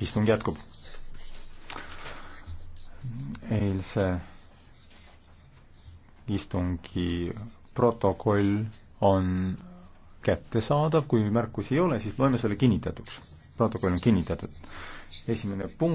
istung jätkub. eilse istungi protokoll on kättesaadav, kui märkusi ei ole, siis loeme selle kinnitatuks. protokoll on kinnitatud. esimene punkt.